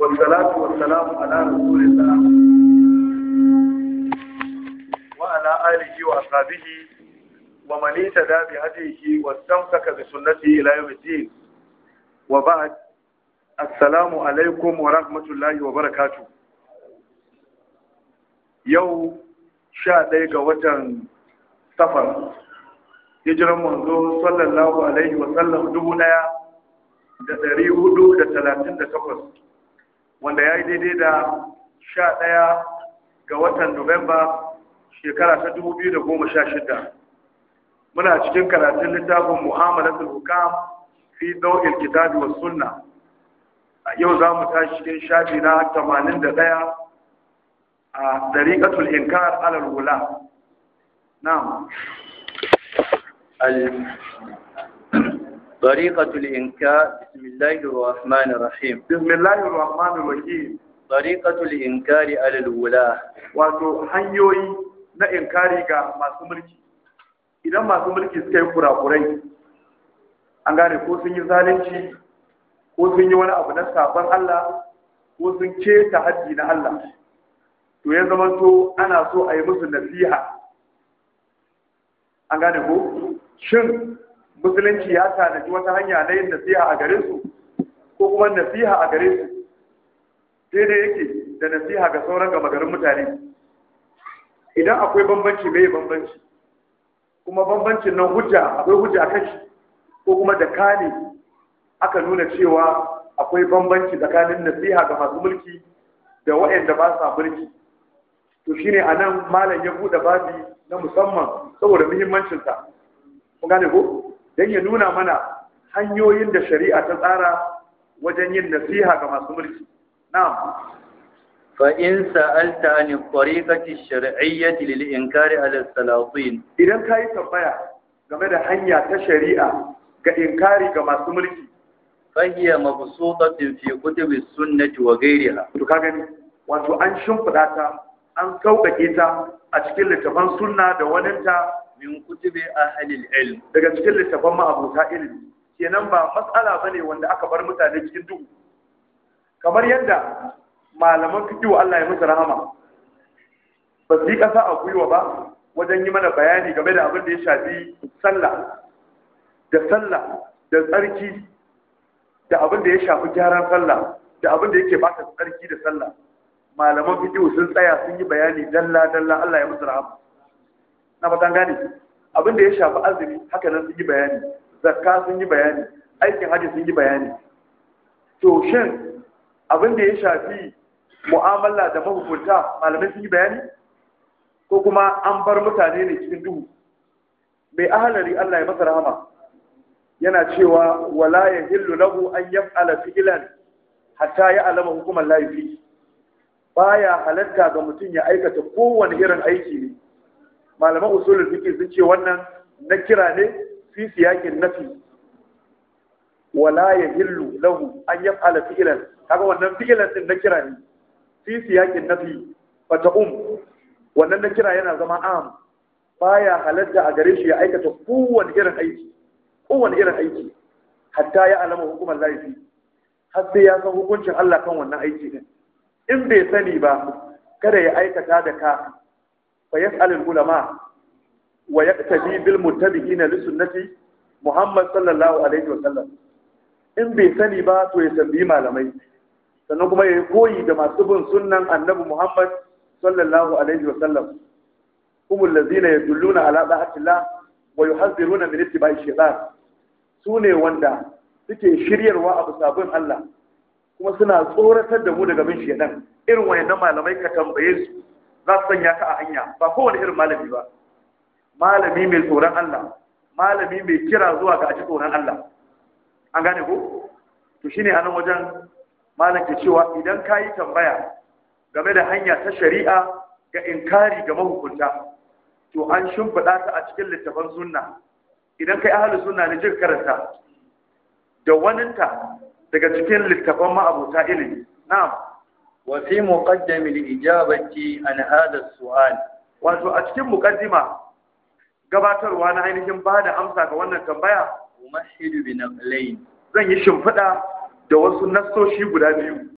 والصلاة والسلام على رسول الله وعلى آله وأصحابه ومن اهتدى بهديه واستمسك بسنته إلى يوم الدين وبعد السلام عليكم ورحمة الله وبركاته يوم شاء ذلك وجن سفر hijiran manzo صلى الله عليه وسلم daya da dari hudu da talatin da takwas wanda ya yi daidai da sha ɗaya ga watan nuwamba shekara ta dubu biyu da goma sha shida muna cikin karatun littafin mu'amalar hukam fi dawil kitabi wa sunna yau za mu tashi cikin shafi na tamanin da ɗaya a dariƙatul inkar alal wula na'am طريقة الإنكار بسم الله الرحمن الرحيم بسم الله الرحمن الرحيم طريقة الإنكار على الولاة واتو حيوي نا إنكاري غا ما سمركي إذا ما سمركي سكي كورا كوري أنغاري قوسيني سنجي ظالنشي ko sun yi wani abu na sabon Allah ko sun ce ta haddi na Allah to ya zama to musulunci ya tanaji wata hanya na yin nasiha a gare su ko kuma nasiha a gare su dai yake da nasiha ga sauran gama garin mutane idan akwai bambanci mai bambanci kuma bambancin nan hujja akwai hujja kan shi ko kuma da kane aka nuna cewa akwai bambanci tsakanin nasiha ga masu mulki da waɗanda ba sa mulki to shine anan malam ya buɗe babi na musamman saboda muhimmancinsa kun gane ko Dan ya nuna mana hanyoyin da shari'a ta tsara wajen yin nasiha ga masu mulki na'am sa'alta ni عن shar'iyyati lil inkari ala salatin. Idan kai tambaya game da hanya ta shari'a ga inkari ga masu mulki hiya mabsuqatin fi kutubi sunnati wa ghayriha to ka gani wato an shimfida ta an kaukake ta a cikin littafan sunna da waninta min kutubi ahlil ilm daga cikin littafan ma'abuta ilimi kenan ba matsala bane wanda aka bar mutane cikin duhu kamar yadda malaman fikihu Allah ya musu rahama ba su yi ƙasa a gwiwa ba wajen yi mana bayani game da abin da ya shafi sallah da sallah da tsarki da abin da ya shafi gyaran sallah da abin da yake ba ta tsarki da sallah malaman fikihu sun tsaya sun yi bayani dalla dalla Allah ya musu rahama na fatan abin da ya shafi azumi haka nan sun yi bayani zakka sun yi bayani aikin hajji sun yi bayani to shin abin da ya shafi mu'amala da mahukunta malamai sun yi bayani ko kuma an bar mutane ne cikin duhu mai ahalari Allah ya masa rahama yana cewa wala ya hillu lahu an yaf'ala fi'lan hatta ya alama hukumar laifi baya halatta ga mutum ya aikata kowane irin aiki ne malaman usulul fiqh sun ce wannan na kira ne fi siyakin nafi wala yahillu lahu an yaf'ala fi'lan kaga wannan fi'lan din na kira ne fi siyakin nafi fata um wannan na kira yana zama am baya halatta a gare shi ya aikata kowane irin aiki kowane irin aiki hatta ya alama hukumar laifi har sai ya san hukuncin Allah kan wannan aiki din in bai sani ba kada ya aikata da ka fa alin al-ulama wa yaqtadi bil muttabi'ina li sunnati Muhammad sallallahu alaihi wa sallam in bai sani ba to ya tambayi malamai sannan kuma ya koyi da masu bin sunnan annabi Muhammad sallallahu alaihi wa sallam humul ladzina yadulluna ala da'atillah wa yuhadhiruna min ittiba'i shaytan sune wanda suke shiryarwa abu bisa Allah kuma suna tsoratar da mu daga bin shaytan irin wayannan malamai ka tambaye su za su sanya ka a hanya ba kowane irin malami ba malami mai tsoron Allah malami mai kira zuwa ga aji tsoron Allah an gane ku? to shine anan wajen malam ke cewa idan ka yi tambaya game da hanya ta shari'a ga inkari ga mahukunta to an shimfiɗa ta a cikin littafan sunna idan kai ahalu sunna ne jin karanta da waninta daga cikin littafan ma'abota ilimi na'am وفي مقدم الإجابة عن هذا السؤال wato a cikin mukaddima gabatarwa na ainihin ba da amsa ga wannan tambaya umashidu bin alayn zan yi shimfiɗa da wasu nassoshi guda biyu